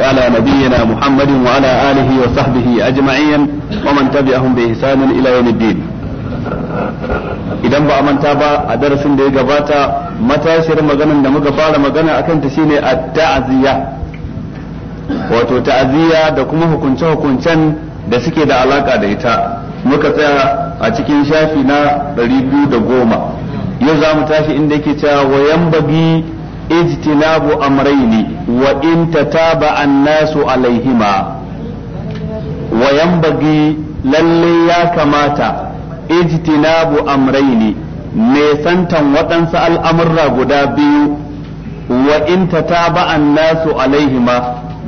وعلى نبينا محمد وعلى آله وصحبه أجمعين ومن تبعهم بإحسان إلى يوم الدين idan ba a manta ba a darasin da ya gabata matashiyar maganar da muka fara magana a kanta shine a ta'aziyya wato ta'aziyya da kuma hukunce-hukuncen da suke da alaka da ita muka tsaya a cikin shafi na 210 yau za mu tashi inda yake cewa wayan bagi ijtinabu amrayni wa in tataba an-nasu alaihima wa yanbaghi lalle ya kamata ijtinabu amrayni santan waɗansu al'amurra guda biyu wa in tataba an-nasu alaihima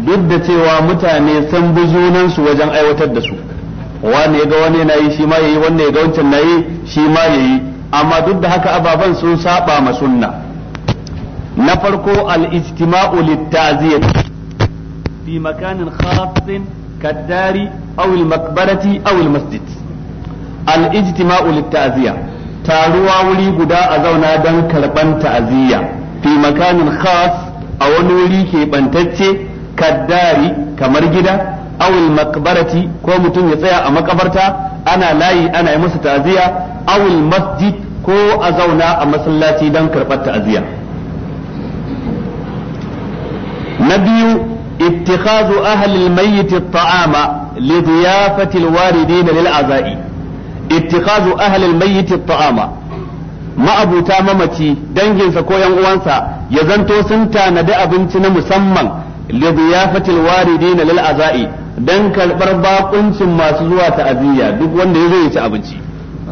duk da cewa mutane sun bi junansu wajen aiwatar da su wani ya ga wani na yi shi ma yayi wanda ya ga wancan na yi shi ma yayi amma duk da haka ababen sun saɓa ma sunna na farko al-ijtima'u fi makanin khassin kaddari aw al-maqbarati masjid al-ijtima'u taruwa wuri guda a zauna don karɓan ta'aziyya fi makanin khas a wani wuri ke bantacce kaddari kamar gida awul makbarati ko mutum ya tsaya a makabarta ana layi ana yi masa ta'aziyya awul masjid ko a zauna a masallaci don karɓar ta'aziyya na biyu ittikhazu ahli al-mayyit at-ta'ama li dhiyafati al-waridin lil azai ittikhazu ahli al-mayyit at ma'abuta mamaci danginsa ko yan uwansa ya zanto sun tanadi abinci na musamman li dhiyafati al-waridin lil azai dan karbar bakuncin masu zuwa ta'aziyya duk wanda yazo ya ci abinci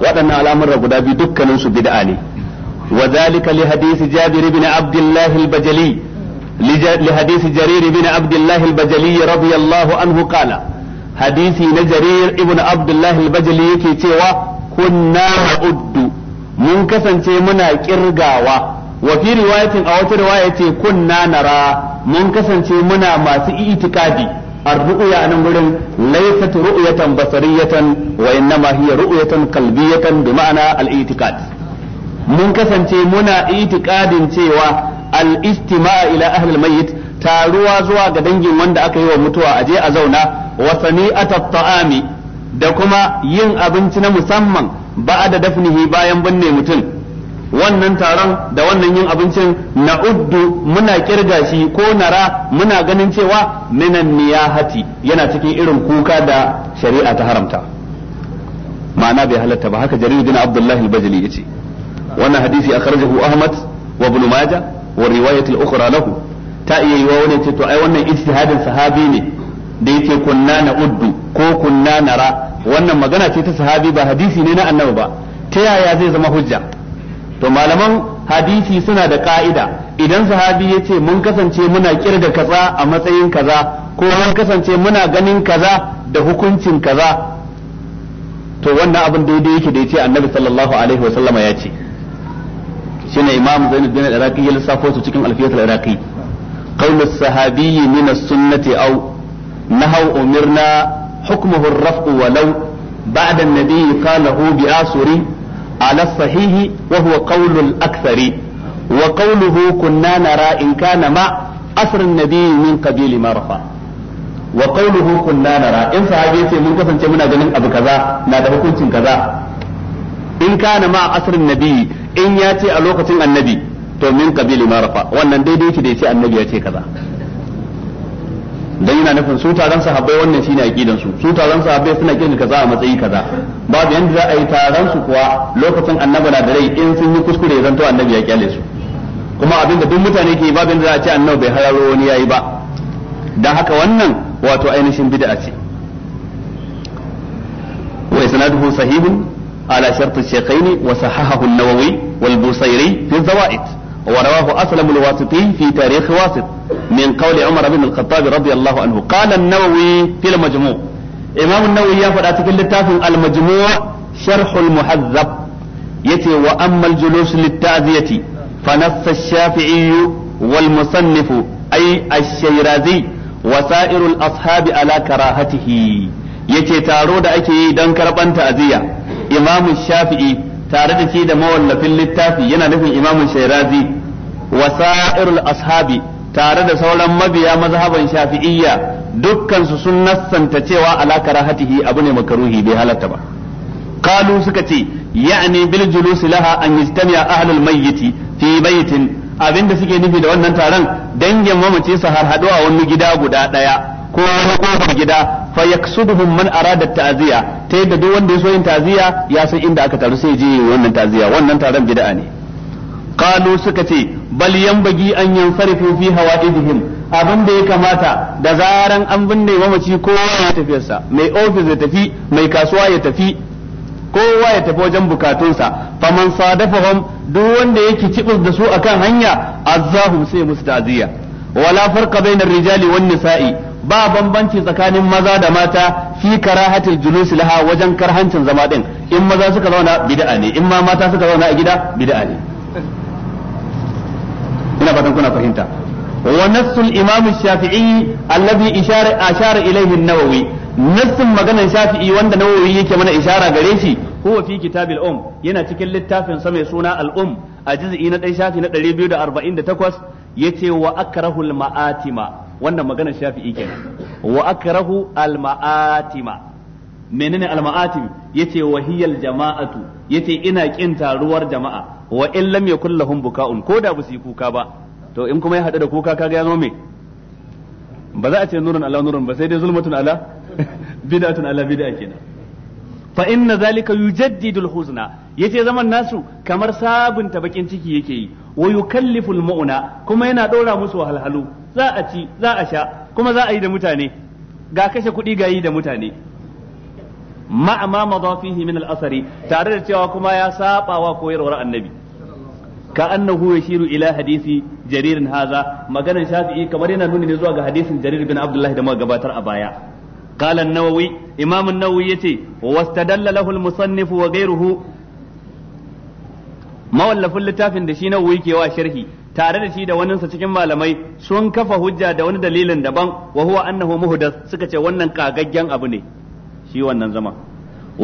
waɗannan al'amuran guda biyu dukkanin su bid'a ne wa zalika li hadisi jabir ibn abdullah al-bajali لحديث جرير بن عبد الله البجلي رضي الله عنه قال حديث جرير ابن عبد الله البجلي يكي تيوا كنا نعد من كسن منا كرغاوا وفي رواية أو رواية كنا نرى من كسن منا ما اعتقادي الرؤيا أنا نقول ليست رؤية بصرية وإنما هي رؤية قلبية بمعنى الاعتقاد mun kasance muna itikadin cewa al-istima'a ila ahli al-mayyit taruwa zuwa ga dangin wanda aka yi wa mutuwa aje a zauna wa sani'ata ta'ami da kuma yin abinci na musamman da dafnihi bayan binne mutum wannan taron da wannan yin abincin na uddu muna kirga shi ko nara muna ganin cewa minan niyahati yana cikin irin kuka da shari'a ta haramta ma'ana bai halatta ba haka jaridu bin abdullahi al-bajali yace wannan hadisi akhrajahu ahmad wa ibn majah wa riwayat al-ukhra lahu ta iya wa wani ce to ai wannan ijtihadin sahabi ne da yake kunna na uddu ko kunna nara wannan magana ce ta sahabi ba hadisi ne na annabi ba ta yaya zai zama hujja to malaman hadisi suna da ka'ida idan sahabi ya ce mun kasance muna kirga kaza a matsayin kaza ko mun kasance muna ganin kaza da hukuncin kaza to wannan abin daidai yake da yace annabi sallallahu alaihi wasallama ya ce shine imam zainuddin da iraqi ya lissafo su cikin alfiyat al-iraqi qawl as-sahabi min as-sunnati aw nahaw umirna hukmuhu ar-raf'u walau ba'da an-nabi qalahu bi asuri ala as-sahih wa huwa qawl wa qawluhu kunna in kana ma asr an-nabi min qabil ma wa qawluhu kunna in sahabi yace mun kasance muna ganin abu na da hukuncin in in ya ce a lokacin annabi to min kabili ma rafa wannan daidai yake da ya ce annabi ya ce kaza dan yana nufin su taron sahabbai wannan shine aqidan su su taron sahabbai suna kin kaza a matsayi kaza babu yanda za a yi taron su kuwa lokacin annabi na da rai in sun yi kuskure zanto annabi ya kyale su kuma abinda duk mutane ke babu yanda za a ce annabi bai hararo wani yayi ba dan haka wannan wato ainihin bid'a ce wa isnaduhu sahihun على شرط الشيخين وصححه النووي والبوصيري في الزوائد ورواه أسلم الواسطي في تاريخ واسط من قول عمر بن الخطاب رضي الله عنه قال النووي في المجموع إمام النووي يفعل أتكل لتاف المجموع شرح المحذب يتي وأما الجلوس للتعزية فنص الشافعي والمصنف أي الشيرازي وسائر الأصحاب على كراهته yace taro da ake yi don karban ta'aziyya imamu shafi'i tare da shi da mawallafin littafi yana nufin imamu shairazi wa sa'irul ashabi tare da sauran mabiya mazhaban shafi'iyya dukkansu su sun nassanta cewa ala hatihi abu ne makaruhi bai halatta ba kalu suka ce ya'ni bil silaha an an yajtami'a ahlul mayyiti fi baitin abinda suke nufi da wannan taron dangin mamaci su harhadu a wani gida guda daya ko wani kofar gida fa yaksuduhum man arada ta'ziya ta yadda duk wanda ya so yin ta'ziya ya san inda aka taru sai je wannan ta'ziya wannan taron bid'a ne qalu suka ce bal yanbagi an yansarifu fi hawaidihim abin da ya kamata da zaran an binne mamaci kowa ya tafiyarsa mai ofis ya tafi mai kasuwa ya tafi kowa ya tafi wajen bukatunsa faman sadafahum duk wanda yake cibis da su akan hanya azzahum sai musu ta'ziya wala farqa bainar rijali wan nisa'i ba bambanci tsakanin maza da mata fi karahatil julus laha wajen karhancin zama din in maza suka zauna bid'a ne in ma mata suka zauna a gida bid'a ne ina fatan kuna fahimta wa nassul imam shafi'i alladhi ishara ashara ilayhi an-nawawi nassin maganar shafi'i wanda nawawi yake mana ishara gare shi huwa fi kitabil um yana cikin littafin sa mai suna al-um a juz'i na 1 shafi na 248 yace wa akrahul ma'atima wannan maganar shafi'i kenan wa akrahu al ma'atima menene al ma'atim yace wahiyal jama'atu yace ina kin taruwar jama'a wa in lam yakul lahum buka'un ko da basu yi kuka ba to in kuma ya hadu da kuka kaga ya zo me ba za a ce nurun ala nurun ba sai dai zulmatun ala bid'atun ala bid'a kenan fa inna zalika yujaddidu al-huzna yace zaman nasu kamar sabunta bakin ciki yake yi wa yukallifu al-mu'na kuma yana dora musu wahalhalu za a ci za a sha kuma za a yi da mutane ga kashe kuɗi ga yi da mutane ma ma madha fihi min al-asari tare da cewa kuma ya saba wa koyarwar annabi ka annahu yashiru ila hadisi jaririn haza maganar shafi'i kamar yana nuni ne zuwa ga hadisin jarir bin abdullahi da muka gabatar a baya قال النووي إمام النووي يتي واستدل له المصنف وغيره ما ولف اللتاف دشي نووي كيوا sharhi? tare da shi da waninsa cikin malamai sun kafa hujja da wani dalilin daban wa huwa annahu da suka ce wannan kagaggen abu ne shi wannan zama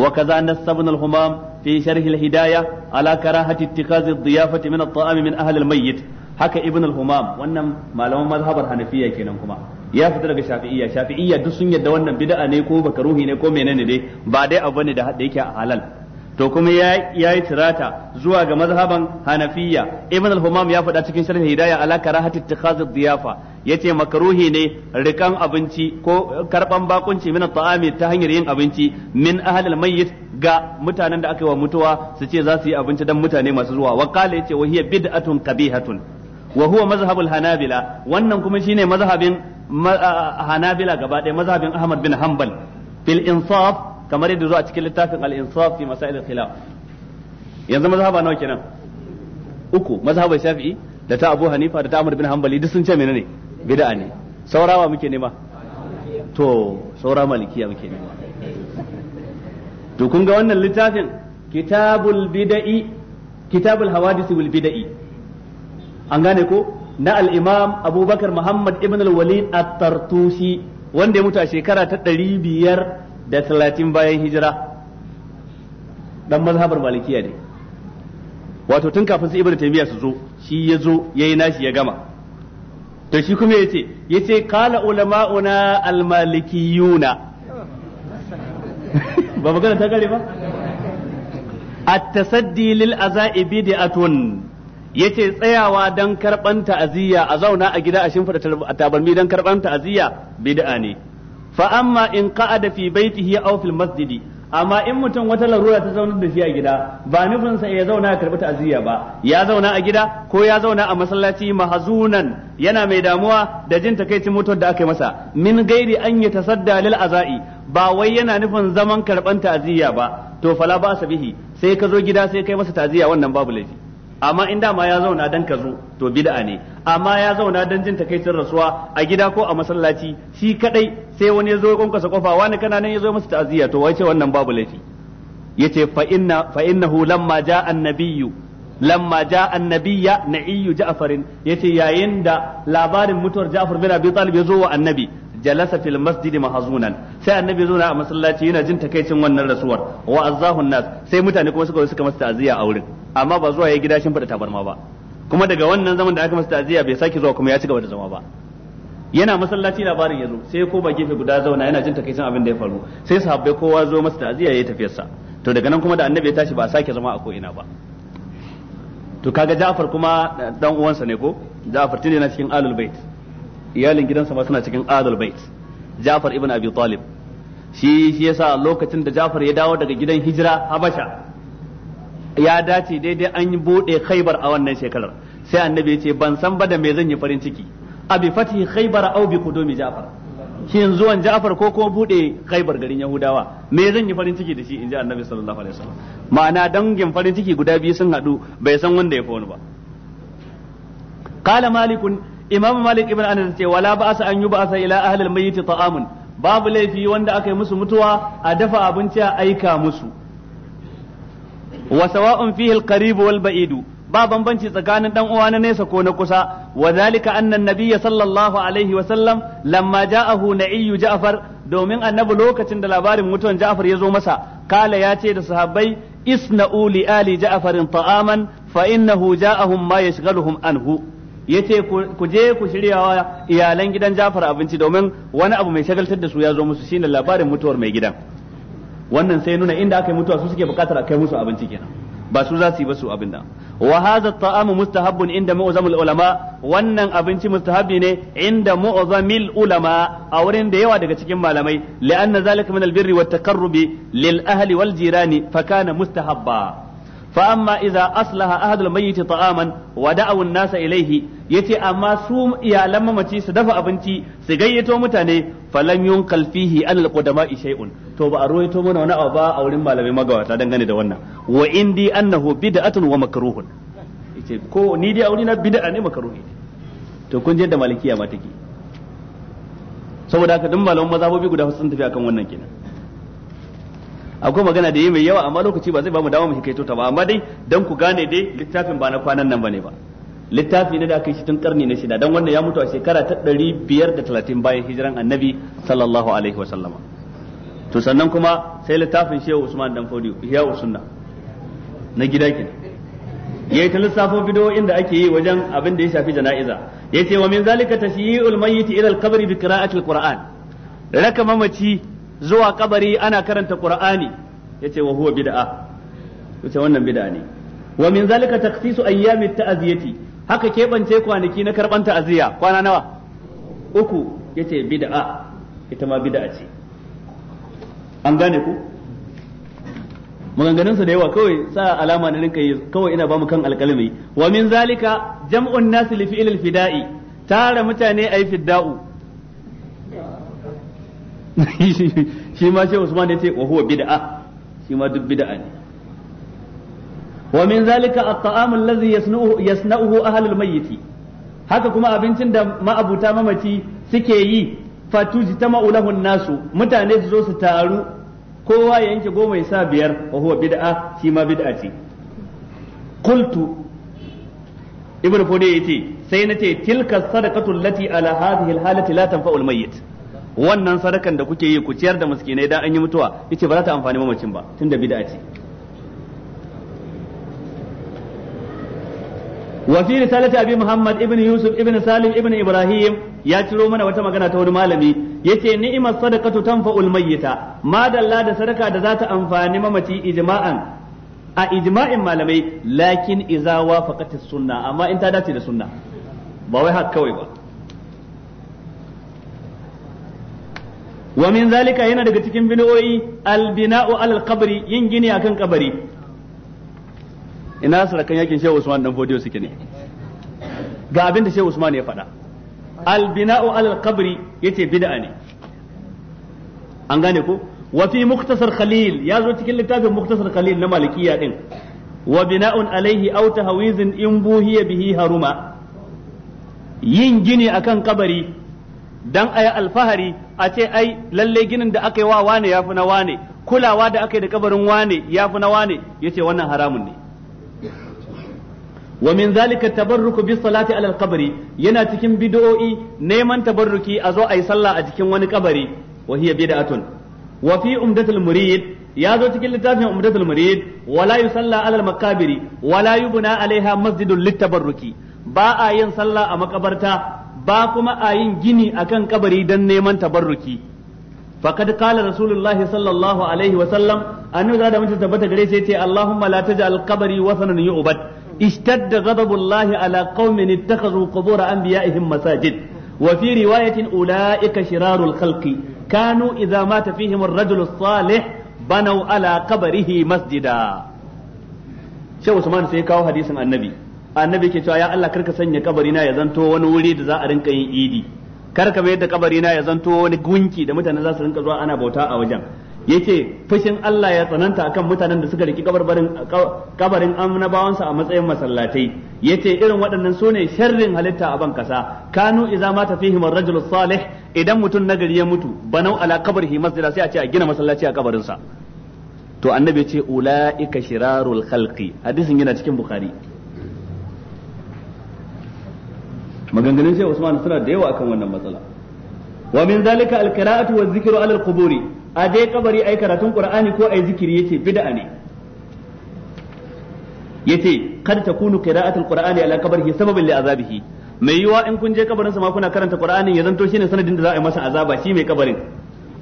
wa kaza nasabna al-humam fi sharh al-hidaya ala karahati ittikaz ad-diyafati min at-ta'am min ahli al-mayyit haka ibn al-humam wannan malaman mazhabar hanafiya kenan kuma ya fita daga shafi'iyya shafi'iyya duk sun yadda wannan bid'a ne ko bakaruhi ne ko menene ne ba dai abu ne da yake halal to kuma ya yi tirata zuwa ga mazhaban hanafiya ibn al-humam ya faɗa cikin sharh hidaya ala karahati ittikhaz diyafa yace makaruhi ne rikan abinci ko karban bakunci min ta'ami ta hanyar yin abinci min ahli al-mayyit ga mutanen da aka yi wa mutuwa su ce za su yi abinci dan mutane masu zuwa wa qala yace wa hiya bid'atun qabihatun wa huwa mazhabul hanabila wannan kuma shine mazhabin hanabila gaba ɗaya mazhabin ahmad bin hanbal fil insaf kamar yadda zuwa cikin littafin al-insaf fi masail al-khilaf yanzu mazhaba nawa kenan uku mazhaban shafi'i da ta Abu Hanifa da ta Ahmad bin Hanbali duk sun ce menene bid'a ne saurawa muke nema to saura malikiya muke nema to kun ga wannan littafin kitabul bid'i kitabul hawadith wal bid'i an gane ko na al-imam Abubakar Muhammad ibn al-Walid at-Tartusi wanda ya mutu a shekara ta ɗari biyar da talatin bayan hijira dan mazhabar malikiya ne wato tun kafin su ibnu taymiya su zo shi ya zo yayi nashi ya gama to shi kuma yace yace qala ulama'una al-malikiyuna ba magana ta gare ba at-tasaddi lil azai bid'atun yace tsayawa dan karban ta'aziyya a zauna a gida a da tabarmi dan karban ta'aziyya bid'a ne fa amma in qa'ada fi baitihi aw fil masjidi amma in mutum wata larura ta zauna da shi a gida ba nufin sa ya zauna ya karbi ta'aziyya ba ya zauna a gida ko ya zauna a masallaci mahazunan yana mai damuwa da jin takaicin mutuwar da aka masa min gairi an yi tasadda lil azai ba wai yana nufin zaman karban ta'aziyya ba to fala ba sabihi sai ka zo gida sai kai masa ta'aziyya wannan babu laifi amma in dama ya zauna dan ka to bid'a ne amma ya zauna dan jin takaicin rasuwa a gida ko a masallaci shi kadai sai wani ya zo ya kwankwasa kofa wani kana nan ya zo masa ta'aziyya to wai ce wannan babu laifi yace fa inna fa innahu lamma jaa annabiyyu lamma jaa annabiyya na'iyyu ja'farin yace yayin da labarin mutuwar Ja'far bin Abi Talib ya zo wa annabi jalasa fil masjidi mahzunan sai annabi zo na a masallaci yana jin takaicin wannan rasuwar wa azahun nas sai mutane kuma suka suka masa ta'aziyya a wurin amma ba zuwa ya gida shin fada tabarma ba kuma daga wannan zaman da aka masa ta'aziyya bai sake zuwa kuma ya ci gaba da zama ba yana masallaci labarin ya zo sai ko ba gefe guda zauna yana jin takaicin abin da ya faru sai sahabbai kowa zo masa ta'aziyya yayi sa to daga nan kuma da annabi ya tashi ba sake zama a ko ina ba to kaga Ja'far kuma eh, dan uwansa ne ko Ja'far tunda yana cikin Ahlul Bait iyalin gidansa ma suna cikin adal bait Ja'far ibn Abi Talib shi shi yasa lokacin da Ja'far ya dawo daga gidan hijira Habasha ya dace daidai an yi bude Khaybar a wannan shekarar sai annabi ya ce ban san ba da me zan yi farin ciki abi fathi Khaybar au bi qudumi Ja'far shin zuwan Ja'far ko kuma bude Khaybar garin Yahudawa me zan yi farin ciki da shi inji annabi sallallahu alaihi wasallam ma'ana dangin farin ciki guda biyu sun hadu bai san wanda ya fi wani ba قال مالك imam malik ibn anas ce wala ba'asa an yub'asa ila ahli al-mayyit ta'amun babu laifi wanda aka yi musu mutuwa a dafa abinci a aika musu wa sawa'un fihi al-qarib wal ba'idu ba bambanci tsakanin dan uwa na nesa ko na kusa wa zalika anna nabiyya sallallahu alaihi wa sallam lamma ja'ahu na'iyyu ja'far domin annabi lokacin da labarin mutuwan ja'far ya zo masa kala ya ce da sahabbai isna'u li ali ja'farin ta'aman fa innahu ja'ahum ma yashghaluhum anhu yace ku je ku shiryawa iyalan gidan Jafar abinci domin wani abu mai shagaltar da su ya zo musu shine labarin mutuwar mai gidan wannan sai nuna inda aka yi mutuwa su suke bukatar a kai musu abinci kenan ba su za su yi ba su abin da wa hadha ta'amu mustahabbun inda mu'zamul ulama wannan abinci mustahab'i ne inda mu'zamil ulama a wurin da yawa daga cikin malamai li'anna zalika min albirri wat taqarrubi lil ahli wal jirani fa kana mustahabba fa amma idza aslaha ahadul mayyit ta'aman wa da'u an-nasa ilayhi yace amma su iyalan mamaci su dafa abinci su gayyato mutane falam yun kalfihi alal qudama shay'un to ba a ruwaito mana wani abu ba a wurin malamai magawata dangane da wannan wa indi annahu bid'atun wa makruhun yace ko ni dai aure na bid'a ne makruhi to kun je da malikiya ma take saboda haka malamin malaman mazhabobi guda sun tafi akan wannan kenan akwai magana da yi mai yawa amma lokaci ba zai ba mu dawo mu hikaito ta ba amma dai dan ku gane dai littafin ba na kwanan nan bane ba, ne ba. littafi ne da aka yi shi tun karni na shida don wannan ya mutu a shekara ta ɗari biyar da talatin bayan hijiran annabi sallallahu alaihi wa sallama to sannan kuma sai littafin shehu usman dan fodiyo ya usunna na gida kenan yayi ta lissafo bidoyin inda ake yi wajen abin da ya shafi jana'iza yace wa min zalika tashyi'ul mayyit ila al-qabri bi qira'ati al-qur'an raka mamaci zuwa kabari ana karanta qur'ani yace wa huwa bid'a yace wannan bid'a ne wa min zalika takhsisu ayyami at-ta'ziyati haka keɓance kwanaki na karɓan ta'aziyya kwana nawa uku yace bid'a ita ma bid'a ce an gane ku maganganun sa da yawa kawai sa alama na rinka yi kawai ina ba mu kan alƙalmi wa min zalika jam'un nas li fi'il al-fida'i tara mutane ay fidda'u shi ma shehu usman yace wa huwa bid'a shi ma duk bid'a ne wa min zalika at-ta'am alladhi yasna'uhu yasna'uhu mayyit haka kuma abincin da ma'abuta mamaci suke yi fatujtama'u lahu nasu mutane su zo su taru kowa ya yanke goma sa biyar wa huwa bid'a shi ma bid'a ce qultu ibnu fudi yace sai nace tilka sadaqatu allati ala hadhihi alhalati la tanfa'u almayyit wannan sadakan da kuke yi ku ciyar da miskinai da an yi mutuwa yace ba za ta amfani mamacin ba tunda bid'a ce wa fi risalati abi muhammad ibn yusuf ibn salim ibn ibrahim ya ciro mana wata magana ta wani malami Ya ce ni'imar sadakatu tanfa'ul mayyita Madalla da sadaka da zata amfani mamaci ijma'an a ijma'in malamai lakin idza wafaqat sunna amma in ta dace da sunna ba wai haka kawai ba wa min zalika yana daga cikin bid'o'i al bina'u al qabri yin gini akan kabari ina sarakan yakin shehu usman dan fodiyo suke ne ga abin da shehu usman ya faɗa al bina'u al qabri yace bid'a ne an gane ko wa fi muktasar khalil ya zo cikin littafin muktasar khalil na malikiya din wa bina'un alaihi aw tahwizin in buhiya bihi haruma yin gini akan kabari dan ayi alfahari a ce ai lalle ginin da aka yi wa wane yafi na wane kulawa da aka yi da kabarin wane yafi na wane yace wannan haramun ne wa min zalika tabarruku bis salati alal qabri yana cikin bid'o'i neman tabarruki a zo ayi sallah a cikin wani kabari wa hiya bid'atun wa fi umdatul murid ya zo cikin littafin umdatul murid wala yusalla alal maqabiri wala yubna alaiha masjidun litabarruki ba a yin sallah a makabarta ba kuma a yin gini akan kabari dan neman tabarruki faqad qala rasulullah sallallahu alaihi wa sallam annabi da mutum tabbata gare sai ce allahumma la taj'al qabri wasanan yu'bad اشتد غضب الله على قوم اتخذوا قبور انبيائهم مساجد وفي رواية أولئك شرار الخلق كانوا إذا مات فيهم الرجل الصالح بنوا على قبره مسجدا شو عثمان سيكاو حديث النبي annabi ke cewa ya Allah karka sanya kabarina ya zanto wani wuri da za a rinka yin idi karka mai da kabarina ya zanto wani gunki da mutane za su rinka zuwa ana bauta a wajen yace fushin Allah ya tsananta akan mutanen da suka riki kabarin kabarin annabawansa a matsayin masallatai yace irin waɗannan sune sharrin halitta a ban kasa kanu idza mata fihi salih idan mutum nagari ya mutu banau ala qabrihi masjida sai a ce a gina masallaci a kabarin sa to annabi yace ulaika shirarul khalqi hadisin yana cikin bukhari maganganun sai Usman suna da yawa akan wannan matsala wa min zalika alqira'atu wa dhikru ala al a je kabari ai karatun qur'ani ko ai zikiri yace bid'a ne yace kad kunu qira'atul qur'ani ala qabrihi sababan li azabihi mai yiwa in kun je kabarin sa ma kuna karanta qur'ani ya zanto shine sanadin da za a yi masa azaba shi mai kabarin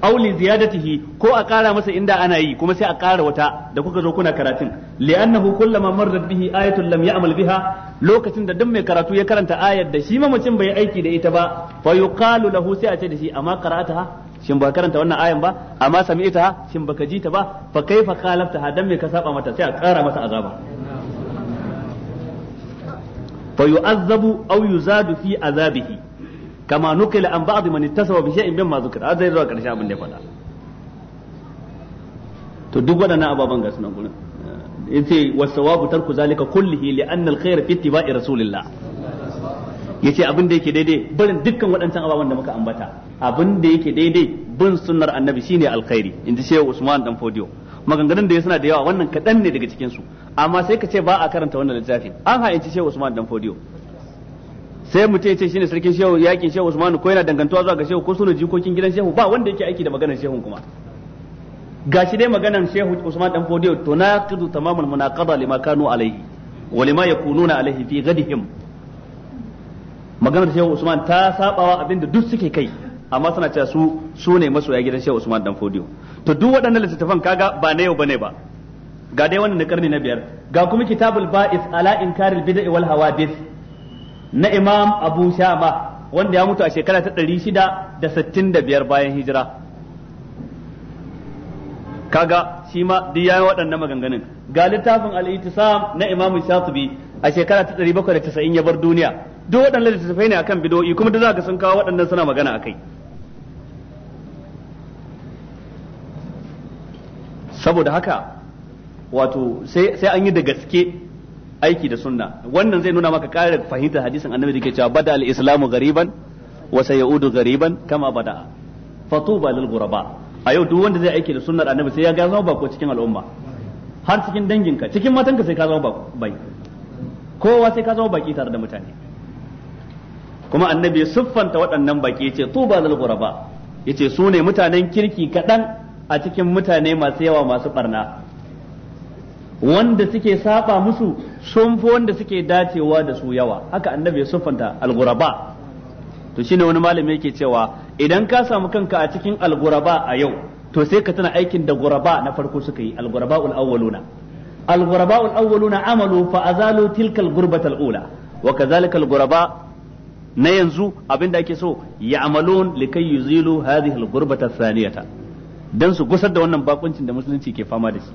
aw li ziyadatihi ko a kara masa inda ana yi kuma sai a kara wata da kuka zo kuna karatun li'annahu kullama marra bihi ayatun lam ya'mal biha lokacin da duk mai karatu ya karanta ayar da shi mamacin bai aiki da ita ba fa yuqalu lahu sai a ce da shi amma qara'ataha shin ba karanta wannan ayan ba amma sami'ta shin baka ji ta ba fa kaifa khalafta hadan me ka saba mata sai a kara masa azaba fa yu'azzabu aw yuzadu fi azabihi kama nukila an ba'd man ittasaba bi shay'in mimma zukira azai zuwa karshen abin da ya faɗa to duk waɗannan ababen ga sunan gurin yace wasawabu tarku zalika kullihi li anna al-khayra fi ittiba'i rasulillah ya ce abin da yake daidai barin dukkan waɗancan ababen da muka ambata abin da yake daidai bin sunnar annabi shine alkhairi ji shehu Usman dan Fodiyo maganganun da ya suna da yawa wannan kaɗan ne daga cikin su amma sai ka ce ba a karanta wannan littafin an ha'inci shehu Usman dan Fodiyo sai mutum ya ce shine sarkin shehu yakin shehu Usman ko yana dangantuwa zuwa ga shehu ko suna jikokin gidan shehu ba wanda yake aiki da maganar shehu kuma gashi dai maganar shehu Usman dan Fodiyo tunaqidu tamamul munaqada lima kanu alaihi wa lima yakununa alaihi fi ghadihim maganar shehu usman ta sabawa abinda duk suke kai amma suna cewa su su ne masoya gidan shehu usman dan fodiyo to duk waɗannan littattafan kaga ba na yau bane ba ga dai wannan na karni na biyar ga kuma kitabul ba'is ala inkaril bid'i wal hawadith na imam abu shama wanda ya mutu a shekara ta 665 bayan hijira kaga shi ma duk yayin waɗannan maganganun ga littafin al ittisam na imam shatibi a shekara ta 790 ya bar duniya duk waɗannan littattafai ne akan bidoyi kuma duk za ka sun kawo waɗannan suna magana akai saboda haka wato sai an yi da gaske aiki da sunna wannan zai nuna maka ƙarar fahimtar hadisin annabi da ke cewa bada al-islamu gariban wa ya'udu gariban kama bada fatuba lil ghuraba a yau duk wanda zai aiki da sunnar annabi sai ya ga zama bako cikin al'umma har cikin danginka cikin matanka sai ka zama bako bai kowa sai ka zama baki tare da mutane kuma annabi ya siffanta waɗannan baki ce tuba lil ghuraba yace su ne mutanen kirki kaɗan a cikin mutane masu yawa masu barna wanda suke saba musu sun fi wanda suke dacewa da su yawa haka annabi ya siffanta al-ghuraba to shine wani malami yake cewa idan ka samu kanka a cikin al-ghuraba a yau to sai ka tana aikin da ghuraba na farko suka yi al-ghuraba al-awwaluna al-ghuraba al-awwaluna amalu fa azalu tilka al-ghurbata al-ula wa kadhalika al-ghuraba na yanzu abin da ake so ya amalon likai yuzilu hadhihi al-gurbata thaniyata dan su gusar da wannan bakuncin da musulunci ke fama da shi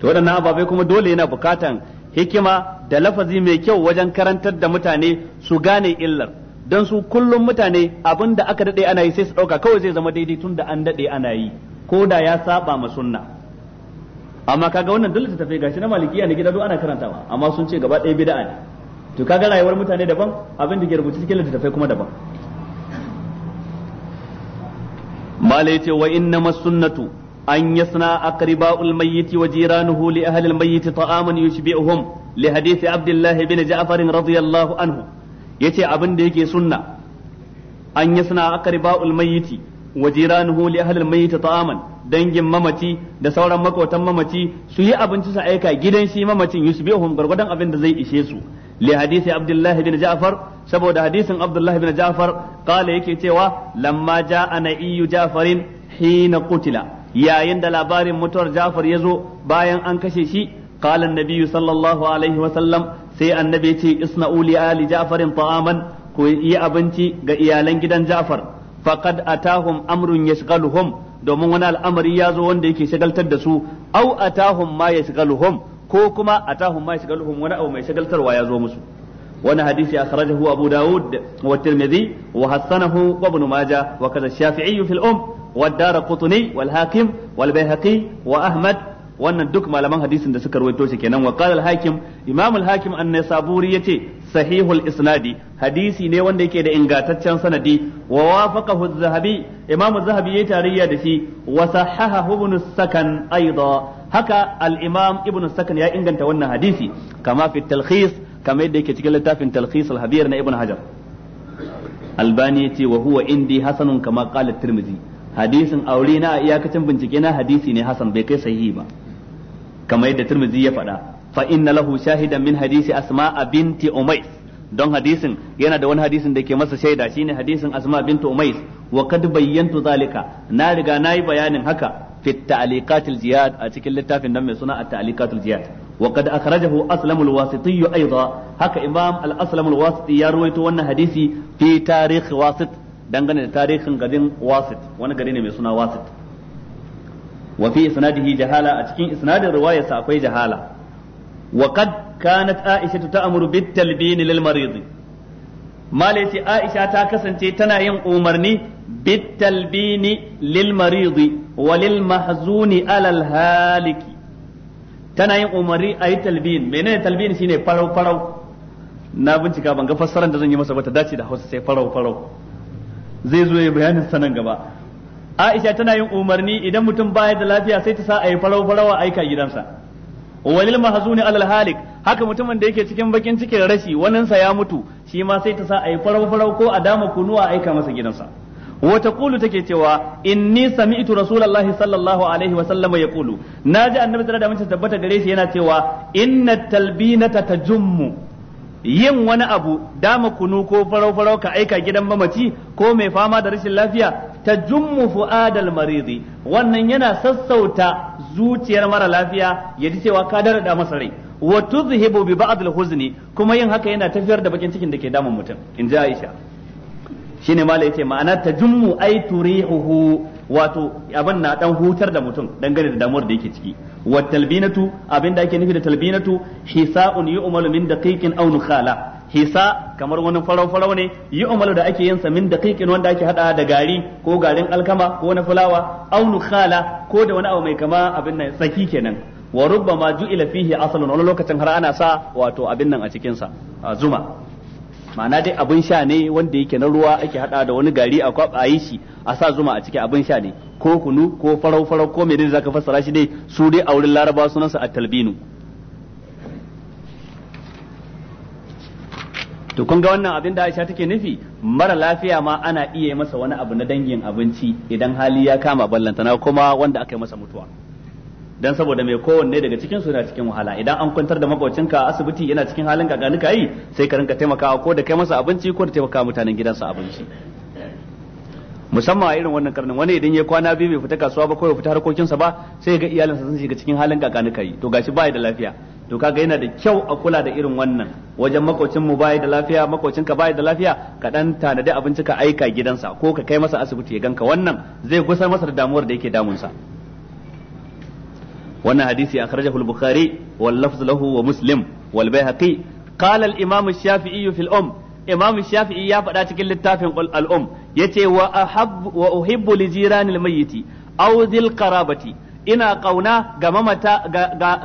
to waɗannan ababe kuma dole yana bukatan hikima da lafazi mai kyau wajen karantar da mutane su gane illar dan su kullum mutane abin da aka daɗe ana yi sai su dauka kawai zai zama daidai tunda an daɗe ana yi ko da ya saba ma sunna amma kaga wannan dole ta tafi gashi na malikiya ne gida ana karantawa amma sun ce gaba ɗaya bid'a ne to kaga rayuwar mutane daban abin da ke rubuce cikin littattafai kuma daban mala yace wa inna sunnatu an yasna aqriba'ul mayyit wa jiranuhu li ahli al-mayyit ta'aman yushbi'uhum li hadith Abdullah ibn Ja'far radiyallahu anhu yace abin da yake sunna an yasna aqriba'ul mayyit wa jiranuhu li ahli al ta'aman dangin mamaci da sauran makotan mamaci su yi abinci su aika gidan shi mamacin yusbihum gargadan abin da zai ishe su li hadisi abdullahi bin ja'far saboda hadisin abdullahi bin ja'far qala yake cewa lamma ja'a na'iyyu ja'farin hina qutila yayin da labarin mutuwar ja'far yazo bayan an kashe shi qala an-nabiyyu sallallahu alaihi wa sallam sai annabi ya ce isna'u li ali ja'farin ta'aman koyi yi abinci ga iyalan gidan ja'far faqad atahum amrun yashghaluhum domin wani al'amari ya zo wanda yake shagaltar da su au atahum ma yashghaluhum ko kuma atahum ma yashghaluhum wani abu mai shagaltarwa ya zo musu wani hadisi akhrajahu abu daud wa tirmidhi wa hasanahu wa ibn majah wa kaza shafi'i fil um wa ad-darqutni wal hakim wal bayhaqi wa ahmad wannan duk malaman hadisin da suka rawaito shi kenan wa qala al hakim imam al hakim an ya yace sahihul isnadi hadisi ne wanda yake da ingantaccen sanadi wa wafaqahu az-zahabi imam az-zahabi yayi tarayya da shi wa sahahahu ibn sakan aida haka al-imam ibn sakan ya inganta wannan hadisi kama fi talkhis kama yadda yake cikin littafin talkhis al-habir na ibn hajar albani yace wa huwa indi hasanun kama qala tirmidhi hadisin aure na iyakacin bincike na hadisi ne hasan bai kai sahihi ba kama yadda tirmidhi ya faɗa fa inna lahu shahidan min hadisi asma binti umais don hadisin yana da wani hadisin da ke masa shaida shine hadisin asma bintu umais wa kad bayyantu zalika na riga nayi bayanin haka fi ta'liqatil jihad a cikin littafin nan mai suna at-ta'liqatul jihad wa kad akhrajahu aslam al-wasiti aidan haka imam al-aslam al-wasiti ya ruwaito wannan hadisi fi tarikh wasit dangane da tarihin garin wasit wani gari ne mai suna wasit a cikin isnadin riwayarsa akwai jahala وقد كانت kanat aisha بالتلبين للمريض ما lil عائشه تا كسنتي aisha ta kasance tana yin umarni على الهالك lil marid wa lil mahzuni alal haliki tana yin umarni ayi menene talbin shine farau farau na bincika ban ga fassarar da zan yi masa ba ta dace da Hausa sai farau farau zai zo ya bayanin sanan gaba Aisha tana yin umarni idan mutum baya da lafiya sai ta sa a yi farau a aika gidansa walil mahzuni alal halik haka mutumin da yake cikin bakin cikin rashi wannan sa ya mutu shi ma sai ta sa ayi farau farau ko a dama kunu a aika masa gidansa wa taqulu take cewa inni sami'tu rasulullahi sallallahu alaihi wa sallam yaqulu naji annabi sallallahu alaihi wasallam tabbata gare shi yana cewa inna talbinata tajummu yin wani abu dama kunu ko farau farau ka aika gidan mamaci ko mai fama da rashin lafiya tajummu fu'adal maridi wannan yana sassauta zuciyar mara lafiya ya ji cewa ka darada masa rai wa tuzhibu bi ba'd al-huzni kuma yin haka yana tafiyar da bakin cikin da ke damun mutum in ji Aisha shine mala yace ma'ana jummu ay turihu wato abin na dan hutar da mutum dangane da damuwar da yake ciki wa talbinatu abin da ake nufi da talbinatu hisa'un yu'malu min daqiqin aw nukhala hisa kamar wani farau farau ne yi umalu da ake yin sa min da wanda ake hada da gari ko garin alkama ko wani fulawa aunu nukhala ko da wani abu mai kama abin nan saki kenan wa rubbama ju'ila fihi asalun wani lokacin har ana sa wato abin nan a cikin sa zuma ma'ana dai abin sha ne wanda yake na ruwa ake hada da wani gari a kwaba yi shi a sa zuma a cikin abin sha ne ko kunu ko farau farau ko menene zaka fassara shi dai su dai a wurin laraba sunansa at-talbinu to kun ga wannan abin da Aisha take nufi mara lafiya ma ana iya masa wani abu na dangin abinci idan hali ya kama ballantana kuma wanda aka yi masa mutuwa dan saboda mai kowanne daga cikin su yana cikin wahala idan an kwantar da makocinka asibiti yana cikin halin gaganuka yi sai ka rinka taimakawa ko da kai masa abinci ko da taimaka mutanen gidansa abinci musamman a irin wannan karnin wani idan ya kwana biyu bai fita kasuwa ba ko ya fita harkokinsa ba sai ga iyalinsa sun shiga cikin halin gaganuka yi to gashi ba da lafiya to kaga yana da kyau a kula da irin wannan wajen makocin mu bai da lafiya makocin ka bai da lafiya ka dan tanadi abinci ka aika gidansa ko ka kai masa asibiti ya ganka wannan zai gusar masa da damuwar da yake damunsa wannan hadisi akhrajahu al-bukhari wal lafz lahu wa muslim wal bayhaqi qala al-imam ash-shafi'i fil um imam ash-shafi'i ya faɗa cikin littafin al-um yace wa ahab wa uhibbu li jiranil mayyiti aw dhil qarabati ina ƙauna ga mamata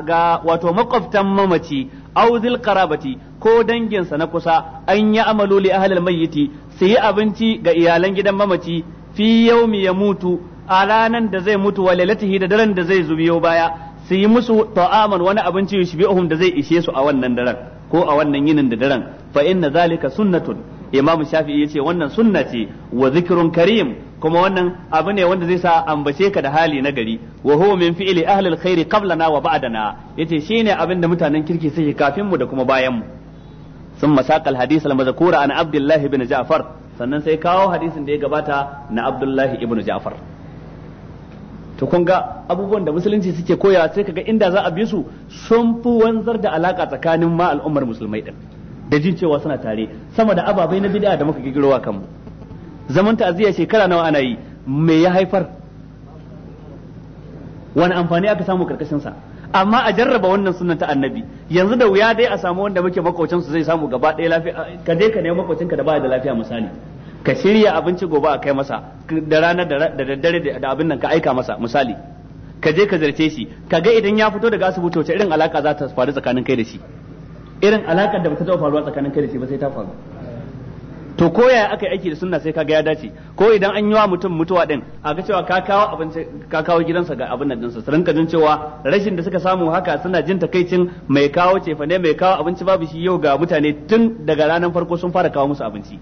ga, wato makwabtan mamaci au karabati. ko danginsa na kusa an yi amalu li ahlil mayyiti su yi abinci ga iyalan gidan mamaci fi yaumi ya mutu a da zai mutu wa da daren da zai zubiyo baya su yi musu ta'aman wani abinci yushbi'uhum da zai ishe su a wannan daren ko a wannan yinin da daren fa inna zalika sunnatun imam shafi'i yace wannan sunna ce wa zikrun karim kuma wannan abu ne wanda zai sa ambace ka da hali na gari wa huwa min fi'li ahli alkhair qablana wa ba'dana yace shine abin da mutanen kirki suke kafin mu da kuma bayan mu sun masaqal maza al mazkura an abdullahi Jafar ja'far sannan sai kawo hadisin da ya gabata na Abdullahi ibn Ja'far to kun ga abubuwan da musulunci suke koya sai kaga inda za a bi su sun fi wanzar da alaka tsakanin ma al'ummar musulmai din da jin cewa suna tare sama da ababai na bid'a da muka gigirowa kanmu zaman ta'aziyya shekara nawa ana yi me ya haifar wani amfani aka samu karkashin sa amma a jarraba wannan sunan ta annabi yanzu da wuya dai a samu wanda muke makocin su zai samu gaba ɗaya lafiya ka je ka nemi makocin ka da ba da lafiya misali ka shirya abinci gobe a kai masa da ranar da daddare da abin nan ka aika masa misali ka je ka zarce shi ka ga idan ya fito daga asibiti wace irin alaka za ta faru tsakanin kai da shi irin alakar da ba ta taɓa faruwa tsakanin kai da shi ba sai ta faru to ko yaya aka yi aiki da sunna sai kaga ya dace ko idan an yi wa mutum mutuwa din a ga cewa ka kawo abinci ka kawo gidansa ga abin nan su rinka jin cewa rashin da suka samu haka suna jin takaicin mai kawo cefa ne mai kawo abinci babu shi yau ga mutane tun daga ranar farko sun fara kawo musu abinci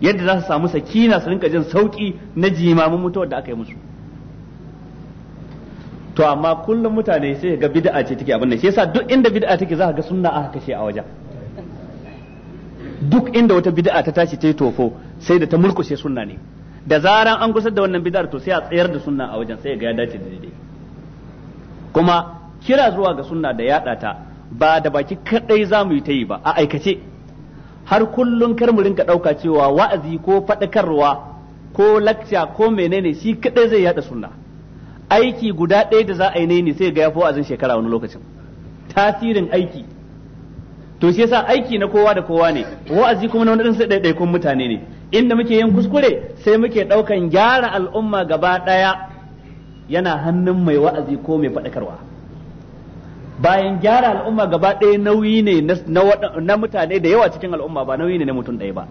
yadda za su samu sakina su rinka jin sauki na jimamin mutuwar da aka yi musu to amma kullum mutane sai ga bid'a ce take abin nan shi yasa duk inda bid'a take za ka ga sunna aka kashe a wajen duk inda wata bid'a ta tashi ta yi tofo sai da ta mulkushe sunna ne da zaran an gusar da wannan bid'ar to sai a tsayar da sunna a wajen sai ga ya dace da daidai kuma kira zuwa ga sunna da yada ta ba da baki kadai za yi ta yi ba a aikace har kullun kar mu rinka dauka cewa wa'azi ko fadakarwa ko lakca ko menene shi kadai zai yada sunna aiki guda ɗaya da za a yi ne sai ga ya fi wa'azin shekara wani lokacin tasirin aiki to shi yasa aiki na kowa da kowa ne wa'azi kuma na wadansu ɗaiɗaikun mutane ne inda muke yin kuskure sai muke ɗaukan gyara al'umma gaba ɗaya yana hannun mai wa'azi ko mai faɗakarwa bayan gyara al'umma gaba ɗaya nauyi ne na mutane da yawa cikin al'umma ba nauyi ne na mutum ɗaya ba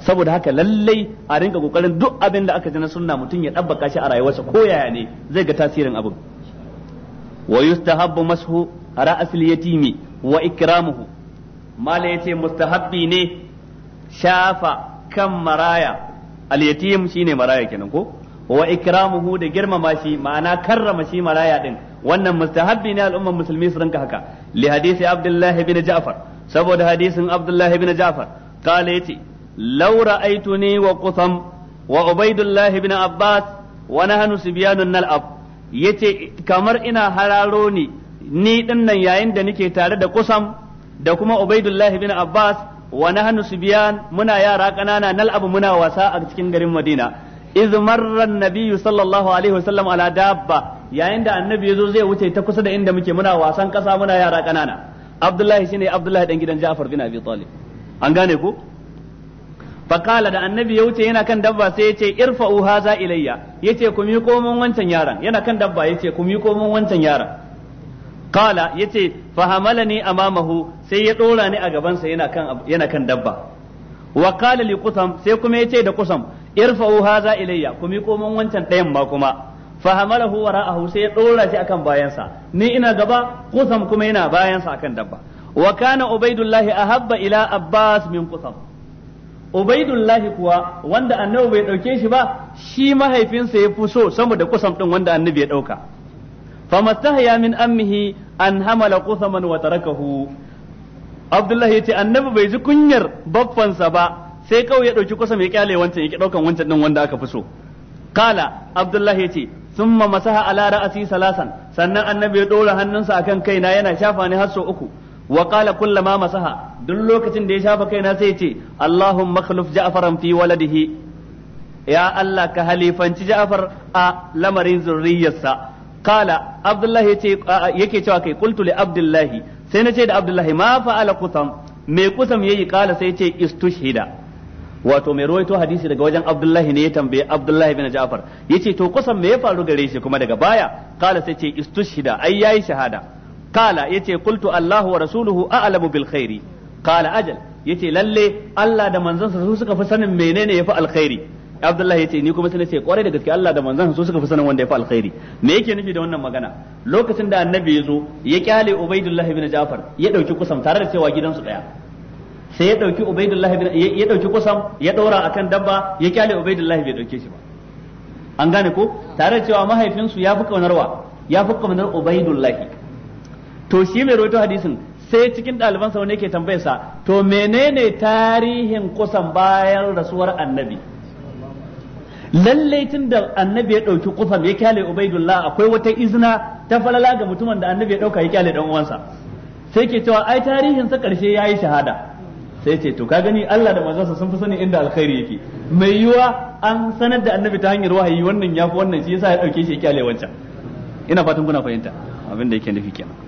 saboda haka lallai a rinka kokarin duk abin da aka ji na sunna mutum ya ɗabbaka shi a rayuwarsa ko yaya ne zai ga tasirin abin wa yustahabbu mashu ra'sil yatimi wa ikramuhu mala yace mustahabbi ne shafa kan maraya al yatim shine maraya kenan ko wa ikramuhu da girmama shi ma'ana karrama shi maraya din wannan mustahabbi ne al'ummar musulmi su rinka haka li hadisi abdullahi bin ja'far saboda hadisin abdullahi bin ja'far kala yace law ra'aytuni wa qutam wa abbas wa nahnu sibyanun nal'ab Ya ce kamar ina hararo ne ni din nan yayin da nake tare da kusam da kuma ubaidullah bin abbas wa nahnu subyan muna yara kanana abu muna wasa a cikin garin madina iz marra nabiyyu sallallahu alaihi wasallam ala dabba yayin da annabi yazo zai wuce ta kusa da inda muke muna wasan kasa muna yara kanana abdullahi shine abdullahi dan gidan ja'far bin abi talib an gane ku? faqala da annabi ya wuce yana kan dabba sai ya ce irfa'u haza ilayya yace ku mi komon wancan yaran yana kan dabba yace ku mi komon wancan yaran. qala yace fahamalani amamahu sai ya dora ni a gabansa yana kan yana kan dabba wa qala li qusam sai kuma yace da qusam irfa'u haza ilayya ku mi komon wancan dayan ma kuma fahamalahu wara'ahu sai ya dora shi akan bayansa ni ina gaba qusam kuma yana bayansa akan dabba wa kana ubaidullah ahabba ila abbas min qusam Ubaidullahi kuwa wanda annabi bai dauke shi ba shi mahaifinsa ya fi so sama da kusam ɗin wanda annabi ya ɗauka. Famastahya min ammihi an hamala qusaman wa tarakahu. Abdullahi ya annabi bai ji kunyar baffansa ba sai kawai ya ɗauki kusam ya kyale wancan ya ɗaukan wancan ɗin wanda aka fi so. Kala abdullah yace ce masaha ala ra'si salasan sannan annabi ya ɗora hannunsa akan kaina yana shafa ni har sau uku. wa qala kullama masaha duk lokacin da ya shafa kaina sai ya ce Allahumma khluf ja'faran fi waladihi ya Allah ka halifanci ja'far a lamarin zurriyarsa qala abdullah yace yake cewa kai qultu li abdullah sai na ce da ma fa'ala me yayi kala sai ce istushhida wato mai ruwaito hadisi daga wajen Abdullahi ne ya tambaye Abdullahi bin Ja'far yace to kusan me ya faru gare shi kuma daga baya kala sai ce istushhida ai yayi shahada kala ya ce qultu Allahu wa rasuluhu a'lamu bil khairi kala ajal ya ce lalle Allah da manzansa su suka fi sanin menene ya fi alkhairi Abdullahi ya ce ni kuma sai nace kwarai da gaske Allah da manzansa su suka fi sanin wanda ya fi alkhairi me yake nufi da wannan magana lokacin da annabi ya zo ya kyale Ubaidullah ibn Ja'far ya dauki kusam tare da cewa gidansu daya sai ya dauki Ubaidullah ibn ya dauki kusam ya daura akan dabba ya kyale Ubaidullah bai dauke shi ba an gane ko tare da cewa mahaifinsu ya fi kaunarwa ya fi kaunar Ubaidullahi to shi mai rawaito hadisin sai cikin ɗaliban sa wani yake tambayar sa to menene tarihin kusan bayan rasuwar annabi lallai tun da annabi ya ɗauki kusam ya kyale ubaidullah akwai wata izina ta falala ga mutumin da annabi ya ɗauka ya kyale dan uwansa sai ke cewa ai tarihin sa karshe yayi shahada sai ce to ka gani Allah da sa sun fi sani inda alkhairi yake mai yiwa an sanar da annabi ta hanyar wahayi wannan yafi wannan shi yasa ya dauke shi ya kyale wancan ina fatan kuna fahimta abin da yake nufi kenan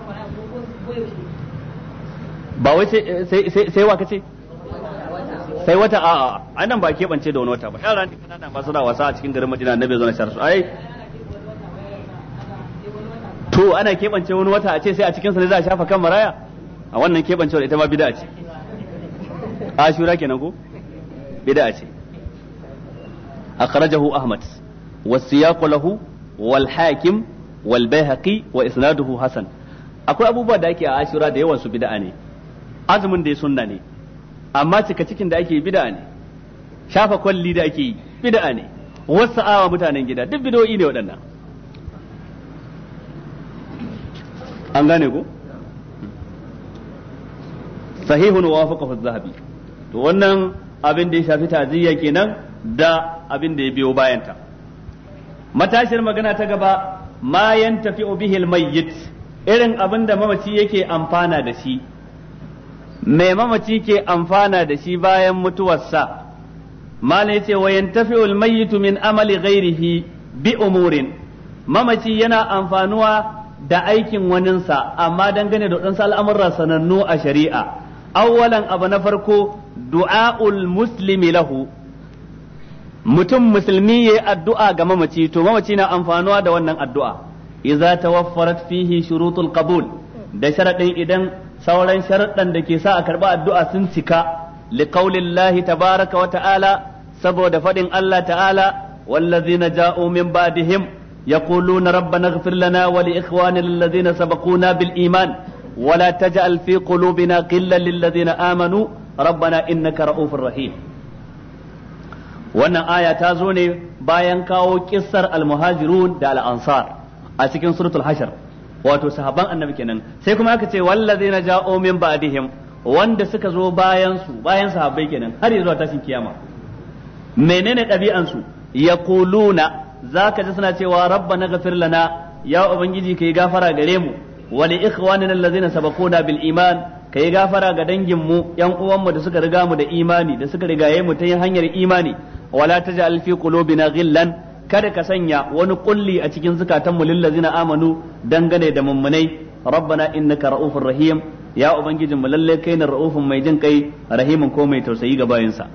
ba wai sai wa kace sai wata a'a anan ba a keɓance da wani wata ba yara ne kanana ba suna wasa a cikin garin Madina na zo na shara su ai to ana keɓance wani wata a ce sai a cikin ne za a shafa kan maraya a wannan wani ita ma bid'a ce shura kenan ko bid'a ce akhrajahu ahmad was siyaqu lahu wal hakim wal bayhaqi wa isnaduhu hasan akwai abubuwa da ake a ashura da yawan su bid'a ne azumin da ya sunna ne amma cika cikin da ake bid'a ne shafa kwalli da ake bid'a ne wasu awa mutanen gida duk bid'o'i ne waɗannan an gane ko sahihun wafaqahu zahabi to wannan abin da ya shafi ta'ziyya kenan da abin da ya biyo bayanta matashin magana ta gaba ma yantafi bihi al-mayyit irin abin da mamaci yake amfana da shi mai mamaci ke amfana da shi bayan mutuwarsa malai ce wa tafi mayyitu min amali ghairihi bi umurin mamaci yana amfanuwa da aikin waninsa amma dangane da ɗansa al'amurra sanannu a shari'a awwalan abu na farko du'a'ul muslimi lahu mutum musulmi ya yi addu'a ga mamaci to mamaci na amfanuwa da wannan addu'a idza tawaffarat fihi shurutul qabul da sharadin idan sauran sharadan da ke sa a addu'a sun cika liqaulillahi tabaraka wa ta'ala saboda faɗin Allah ta'ala wallazina ja'u min ba'dihim yaquluna rabbana ighfir lana wa li ikhwanina alladhina sabaquna bil iman ولا تجعل في قلوبنا قلا للذين آمنوا ربنا إنك رؤوف رحيم wannan aya ta zo ne bayan kawo ƙissar al almuhajirun da al-ansar. a cikin suratul hashar wato sahaban annabi kenan sai kuma aka ce wallazina ja'u min ba'dihim wanda suka zo bayan su bayan sahabbai kenan har zuwa tashin kiyama menene ɗabi'an su yaquluna zaka ji suna cewa rabbana ghfir lana ya ubangiji kai gafara gare mu wa li ikhwanina allazina sabaquna bil iman kai gafara ga dangin mu yan uwan mu da suka riga mu da imani da suka rigaye mu ta hanyar imani wala taj'al fi qulubina ghillan kada ka sanya wani kulli a cikin zukatan mu lillazina amanu dangane da mummunai rabbana innaka raufur rahim ya ubangijin mu lalle kai ne raufin mai jin kai rahimin ko mai tausayi ga bayinsa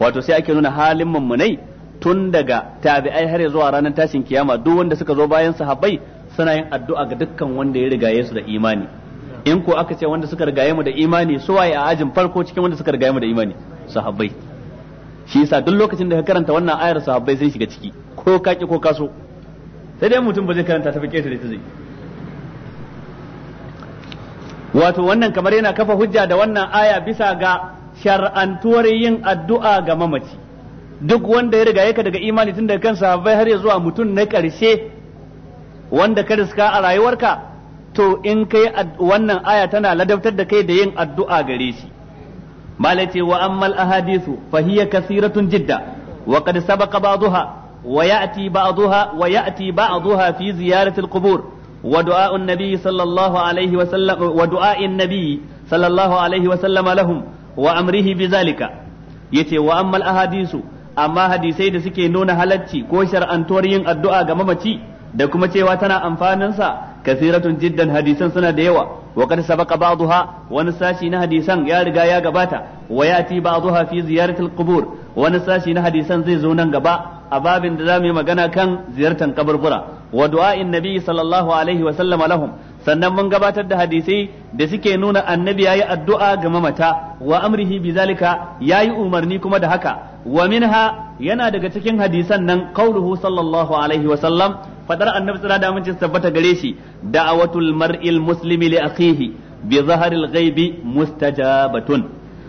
wato sai ake nuna halin mummunai tun daga tabi'ai har zuwa ranar tashin kiyama duk wanda suka zo bayan sahabbai suna yin addu'a ga dukkan wanda ya rigaye su da imani in ko aka ce wanda suka rigaye mu da imani su waye a ajin farko cikin wanda suka rigaye mu da imani sahabbai shi yasa duk lokacin da ka karanta wannan ayar sahabbai sai shiga ciki ko ka ko kaso sai dai mutum ba zai karanta ta fike da ta zai wato wannan kamar yana kafa hujja da wannan aya bisa ga shar'antuwar yin addu'a ga mamaci duk wanda ya riga yaka daga imani tun daga kan sahabbai har ya zuwa mutum na karshe wanda ka riska a rayuwarka to in kai wannan aya tana ladabtar da kai da yin addu'a gare shi malai ce wa ammal ahadisu fa hiya kasiratun jidda wa qad sabaqa ba'daha wa ya'ti ba'daha wa ya'ti ba'daha fi ziyarati al-qubur wa du'a an-nabi sallallahu sallallahu alaihi wa sallama lahum wa amrihi bizalika yace wa ammal ahadisu amma hadisai da suke nuna halacci ko shar'antuwar yin addu'a ga mamaci da kuma cewa tana amfanin sa kasiratun jiddan hadisan suna da yawa wa qad sabaqa ba'daha wani sashi na hadisan ya riga ya gabata wa yati ba'daha fi ziyartar qubur wani sashi na hadisan zai zo nan gaba a babin da zamu yi magana kan ziyartar kaburbura wa du'a'in nabi sallallahu alaihi wa sallam lahum sannan mun gabatar da hadisai da suke nuna annabi yayi addu'a ga mamata wa amrihi ya yayi umarni kuma da haka wa minha yana daga cikin hadisan nan qauluhu sallallahu alaihi wa sallam fadar annabi tsira da amincin tabbata gare shi da'awatul mar'il muslimi li akhihi bi zaharil ghaibi mustajabatun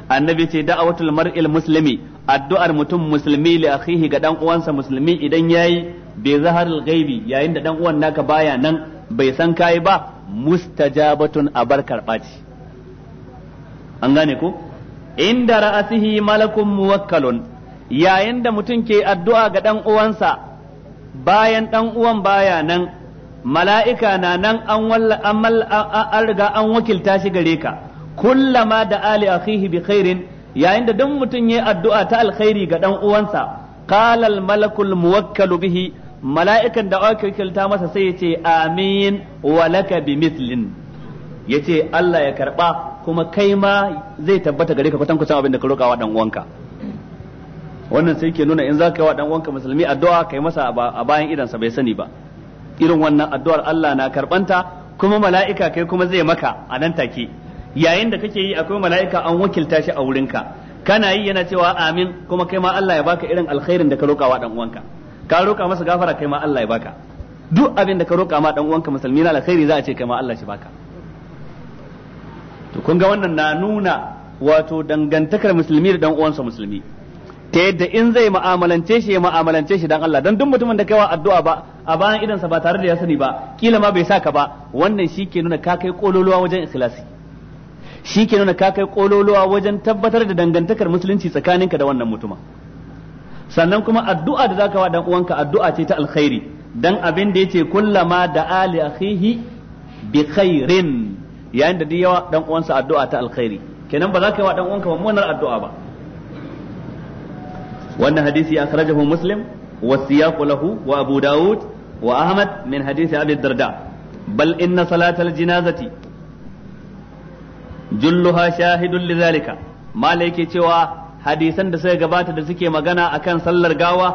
annabi ce da'awatul mar'il muslimi addu'ar mutum musulmi li akhihi ga dan uwansa musulmi idan yayi bi zaharil ghaibi yayin da dan uwan naka baya nan bai san kai ba mustajabatun abar karɓa ce an gane ko inda ra'asihi malakun muwakkalun yayin da mutum ke addu'a ga ɗan'uwansa, bayan ɗan uwan baya nan mala'ika na nan an riga an wakilta shi gare ka kullama da ali akhihi bi khairin yayin da duk mutum ya addu'a ta alkhairi ga ɗan uwansa qala al malakul muwakkalu bihi mala'ikan da aka kyauta masa sai ya ce amin wa laka mithlin ya ce Allah ya karba kuma kai ma zai tabbata gare ka kwatan kusan abin da ka roƙa wa dan uwanka wannan sai ke nuna in za ka yi wa dan uwanka musulmi addu'a kai masa a bayan idansa bai sani ba irin wannan addu'ar Allah na karbanta kuma mala'ika kai kuma zai maka a nan take yayin da kake yi akwai mala'ika an wakilta shi a wurinka kana yi yana cewa amin kuma kai ma Allah ya baka irin alkhairin da ka roƙa wa dan uwanka ka roƙa masa gafara kai ma Allah ya baka duk abin da ka roƙa ma dan uwanka musulmi na alkhairi za a ce kai ma Allah shi baka to kun ga wannan na nuna wato dangantakar musulmi da dan uwansa musulmi ta yadda in zai mu'amalance shi ya mu'amalance shi dan Allah dan duk mutumin da wa addu'a ba a bayan idan sa ba tare da ya sani ba kila ma bai sa ka ba wannan shi ke nuna ka kai kololuwa wajen ikhlasi shi nuna ka kai kololuwa wajen tabbatar da dangantakar musulunci tsakaninka da wannan mutuma sannan kuma addu'a da zaka wa dan uwanka addu'a ce ta alkhairi dan abin da yace kullama da ali akhihi bi khairin yayin da yawa dan uwansa addu'a ta alkhairi kenan ba za ka yi wa dan uwanka mummunar addu'a ba wannan hadisi akhrajahu muslim wa Abu وأبو wa Ahmad min hadisi أبي darda. Bal inna صلاة الجنازة جلها شاهد لذلك ما ليك cewa. hadisan da suka gabata da suke magana akan sallar gawa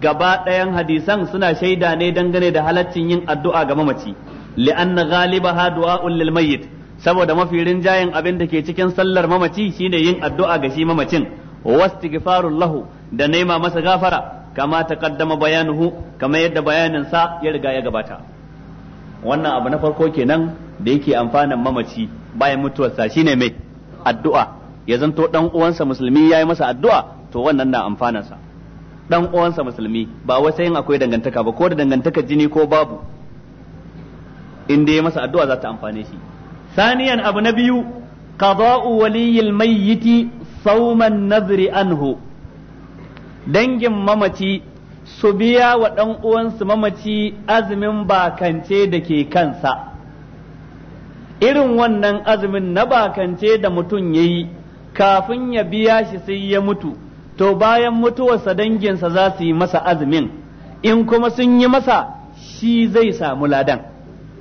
gaba ɗayan hadisan suna shaida ne dangane da halaccin yin addu'a ga mamaci li'anna ghalibaha du'a'un lil mayyit saboda mafi rinjayen abin da ke cikin sallar mamaci shine yin addu'a ga shi mamacin wastighfarul lahu da nema masa gafara kama taqaddama bayanuhu kama yadda bayanin sa ya riga ya gabata wannan abu na farko kenan da yake amfanan mamaci bayan mutuwarsa shine mai addu'a ya zanto dan uwansa musulmi ya yi masa addu'a to wannan na amfanarsa dan uwansa musulmi ba wai sai akwai dangantaka ba ko da dangantaka jini ko babu in dai masa addu'a za ta amfane shi saniyan abu na biyu qada'u waliyil mayyiti sauman nazri anhu dangin mamaci su biya wa dan uwansu mamaci azumin bakance da ke kansa irin wannan azumin na bakance da mutum yayi kafin ya biya shi sai ya mutu to bayan mutuwarsa danginsa za su yi masa azumin in kuma sun yi masa shi zai samu ladan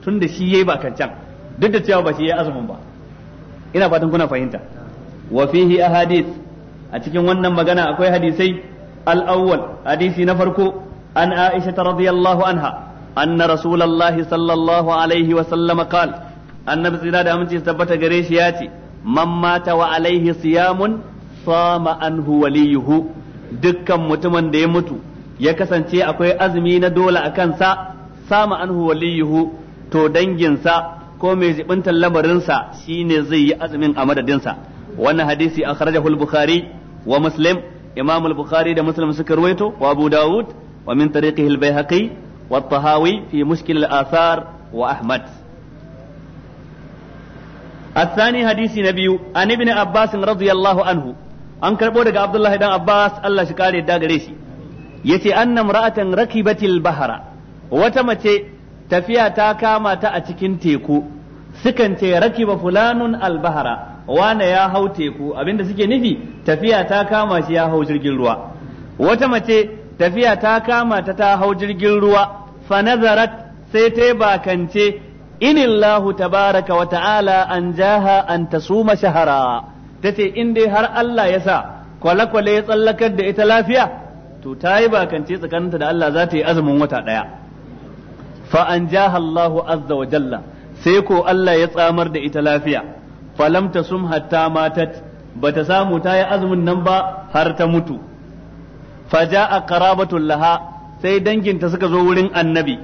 tun da shi ya yi bakancan duk da cewa ba shi ya azumin ba ina fatan kuna fahimta wa fihi ahadith a cikin wannan magana akwai hadisai al-awwal hadisi na farko an Aisha radiyallahu anha anna rasulullahi sallallahu alaihi wa sallam qala annabi tsira da aminci tabbata gare shi ya ce man mata wa alaihi siyamun sama anhu waliyuhu dukkan mutumin da ya mutu ya kasance akwai azumi na dole a kansa sama anhu waliyuhu to danginsa ko mai jibintar lamarinsa shine zai yi azumin a madadinsa wannan hadisi akhrajahu al-bukhari wa muslim imam al-bukhari da muslim suka ruwaito wa abu daud wa min tariqihi al-baihaqi wa at-tahawi fi mushkil al-athar wa ahmad الثاني حديث نبي عن ابن عباس رضي الله anhu an karɓo daga Abdullahi dan Abbas Allah shi kare da gare shi yace annam ra'atan rakibatil bahara wata mace tafiya ta kama ta a cikin teku sukan ce rakiba fulanun albahara wane ya hau teku abinda suke nufi tafiya ta kama shi ya hau jirgin ruwa wata mace tafiya ta kamata ta hau jirgin ruwa fa nazarat sai ta bakance inillahu tabaraka wa ta'ala an jaha an tasuma shahara tace in dai har Allah ya sa kwale-kwale ya tsallakar da ita lafiya to ta yi bakance tsakaninta da Allah za ta yi azumin wata ɗaya fa an jaha Allahu azza wa jalla sai ko Allah ya tsamar da ita lafiya falam tasum hatta matat bata samu ta yi azumin nan ba har ta mutu fa ja'a qarabatul laha sai danginta suka zo wurin annabi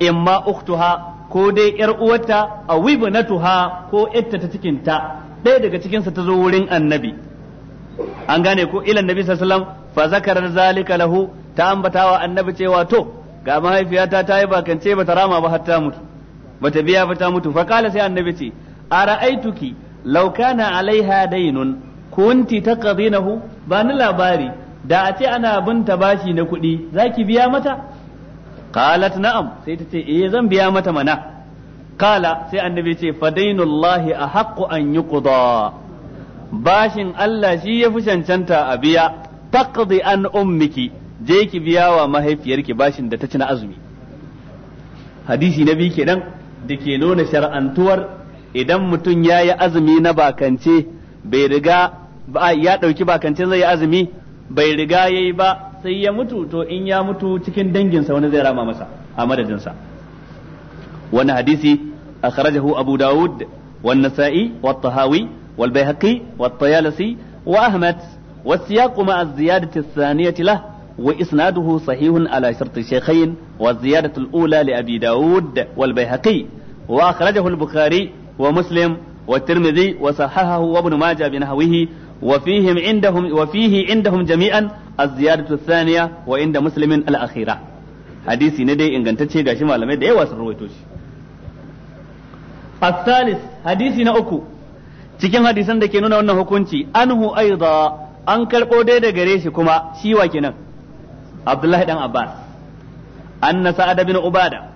imma ukhtuha ko dai yar uwarta a na tuha ko ita ta cikin ta ɗaya daga cikin sa ta zo wurin annabi an gane ko ila annabi sallallahu alaihi wasallam fa zakara zalika lahu ta ambatawa annabi cewa to ga mahaifiyata ta yi bakance bata rama ba har ta mutu bata biya ba ta mutu fa kala sai annabi ce ara'aituki law kana alaiha dainun kunti taqdinahu ba ni labari da a ce ana binta bashi na kuɗi zaki biya mata qalat na'am sai ta ce eh zan biya mata mana kala sai annabi ce fadainullahi ahaqqu an yuqda bashin Allah shi ya fi cancanta a biya taqdi an ummiki je ki biya wa mahaifiyarki bashin da ta ci na azumi hadisi na biyu kenan da ke nuna shar'antuwar idan mutum ya yi azumi na bakance bai riga ya ɗauki bakancin zai yi azumi bai riga ya yi ba sai ya mutu to in ya mutu cikin danginsa wani zai rama masa a madadinsa wani hadisi akhrajahu abu dawud wan nasa'i wat tahawi wal baihaqi wat tayalisi wa ahmad والسياق مع الزيادة الثانية له وإسناده صحيح على شرط الشيخين والزيادة الأولى لأبي داود والبيهقي وأخرجه البخاري ومسلم والترمذي وفيهم عندهم وفيه عندهم جميعا indahum jami'an وعند مسلم thaniya wa inda muslimin al hadisi ne dai ingantacce gashi malamai da yawa sun hadisi na uku cikin hadisan da ke nuna wannan hukunci anhu aidha an karɓo dai da gare shi kuma shi wa kenan Abdullahi dan Abbas anna Sa'ad bin Ubada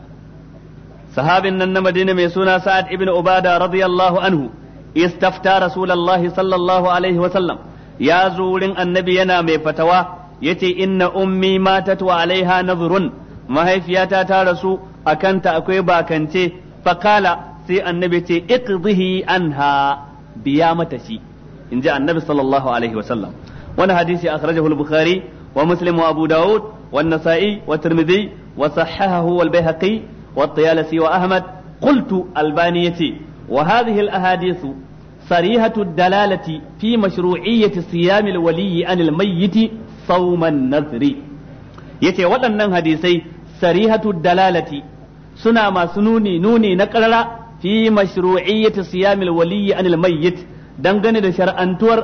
sahabin nan na Madina mai suna Sa'ad ibn Ubada radiyallahu anhu istafta rasulullahi sallallahu alaihi wasallam ya zo wurin annabi yana mai fatawa yace inna ummi matat wa alaiha nazrun mahaifiyata ta rasu akanta akwai bakance fakala sai annabi ce iqdhihi anha biya mata shi inji annabi sallallahu alaihi wasallam wani hadisi akhrajahu al-bukhari wa muslim wa abu daud wa an-nasa'i wa tirmidhi wa sahahahu wal bayhaqi wa at-tayalisi wa ahmad kultu albani yace wa hadhihi al-ahadith sarihatu dalalati fi mashru'iyyati siyam al-wali an al-mayyit sawman nadhri yace waɗannan hadisai sarihatu dalalati suna masu nuni nuni na karara fi mashru'iyyati siyamil al-wali an al-mayyit dangane da shar'antuwar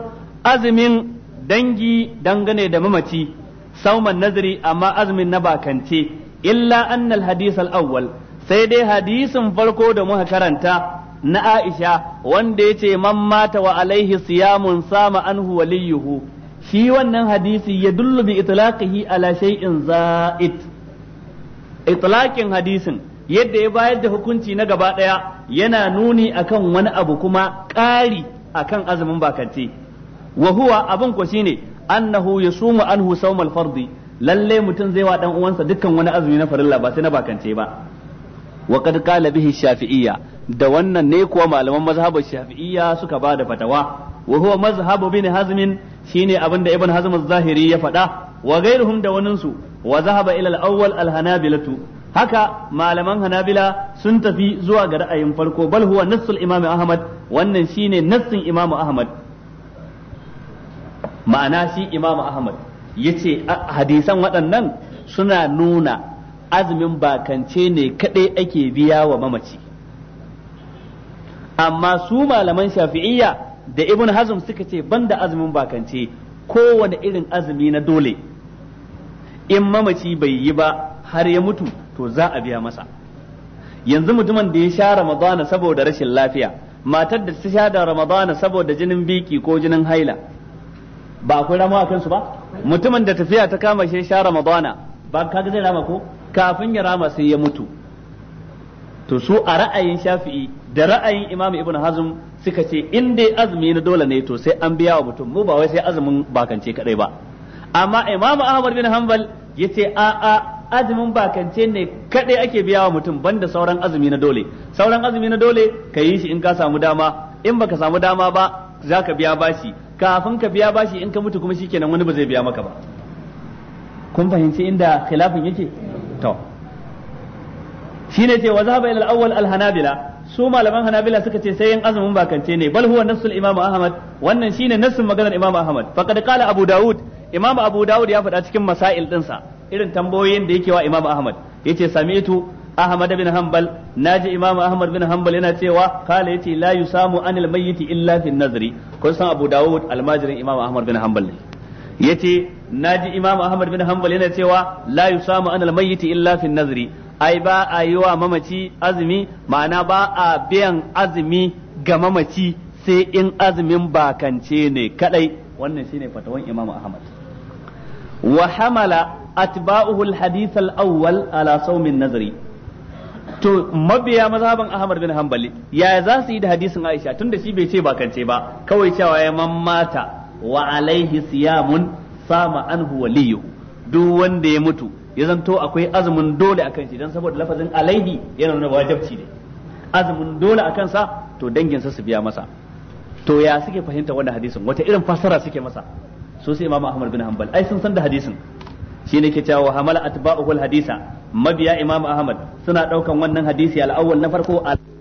azumin dangi dangane da mamaci sauman nazari amma azumin na bakance illa annal hadis al-awwal sai dai hadisin farko da muka karanta na Aisha wanda yace man mata wa alaihi siyamun sama anhu waliyuhu shi wannan hadisi ya dullu bi itlaqihi ala shay'in za'id itlaqin hadisin yadda ya bayar da hukunci na gaba daya yana nuni akan wani abu kuma ƙari akan azumin bakanci wa huwa abun ko shine annahu yasumu anhu sawmal fardi lalle mutum zai wa dan uwansa dukkan wani azumi na farilla ba sai na bakance ba wa qad qala bihi shafi'iyya da wannan ne kuwa malaman mazhabar shafi'iyya suka ba da fatawa wa huwa mazhabu bin hazm shine abin da ibn hazm zahiri ya faɗa wa ghairuhum da su wa zahaba ila al-awwal al-hanabilatu haka malaman hanabila sun tafi zuwa ga ra'ayin farko bal huwa nassul imam ahmad wannan shine nassin imam ahmad ma'ana shi imam ahmad yace hadisan waɗannan suna nuna azumin bakance ne kadai ake biya wa mamaci amma su malaman shafi'iyya da ibn hazm suka ce banda azumin bakance kowane irin azumi na dole in mamaci bai yi ba har ya mutu to za a biya masa yanzu mutumin da ya sha ramadana saboda rashin lafiya matar da ta sha da ramadana saboda jinin biki ko jinin haila ba akwai rama a kansu ba mutumin da tafiya ta kama shi sha ramadana ba kaga zai rama ko kafin ya rama sai ya mutu to su a ra'ayin shafi'i da ra'ayin Imam Ibn Hazm suka ce in dai azumi na dole ne to sai an biya wa mutum mu ba wai sai azumin bakance kadai ba amma Imam Ahmad bin Hanbal yace a a azumin bakance ne kadai ake biya wa mutum banda sauran azumi na dole sauran azumi na dole ka yi shi in ka samu dama in baka samu dama ba za ka biya bashi kafin ka biya bashi in ka mutu kuma shikenan wani ba zai biya maka ba kun fahimci inda khilafin yake to shine ce wa zaba ila al-awwal al-hanabila su malaman hanabila suka ce sai yin azumin bakance ne bal huwa nassul imamu ahmad wannan shine nassin maganar imamu ahmad faqad qala abu daud imamu abu daud ya faɗa cikin masail ɗinsa. irin tambayoyin da yake wa imamu ahmad yace sami'tu ahmad bin hanbal naji imamu ahmad bin hanbal yana cewa kala yace la yusamu anil mayyit illa fi nazri kun san abu daud almajirin imamu ahmad bin hanbal ne yace naji imamu ahmad bin hanbal yana cewa la yusamu anil mayyit illa fi nazri ai ba a yi wa mamaci azumi ma'ana ba a biyan azumi ga mamaci sai in azumin bakance ne kadai wannan shine fatawan Imam Ahmad wa hamala atba'uhu alhadith alawwal ala sawmin nazari to mabiya mazhaban Ahmad bin Hanbali ya za su yi da hadisin Aisha tunda shi bai ce bakance ba kawai cewa ya mamata? wa alaihi siyamun sama anhu waliyu duk wanda ya mutu ya zanto akwai azumin dole akan shi dan saboda lafazin alaihi yana nuna wajabci ne azumin dole akan sa to danginsa su biya masa to ya suke fahimta wannan hadisin wata irin fasara suke masa su sai imamu ahmad bin hanbal ai sun san da hadisin shi ne ke cewa hamala atba'uhul hadisa mabiya imamu ahmad suna daukan wannan hadisi al-awwal na farko al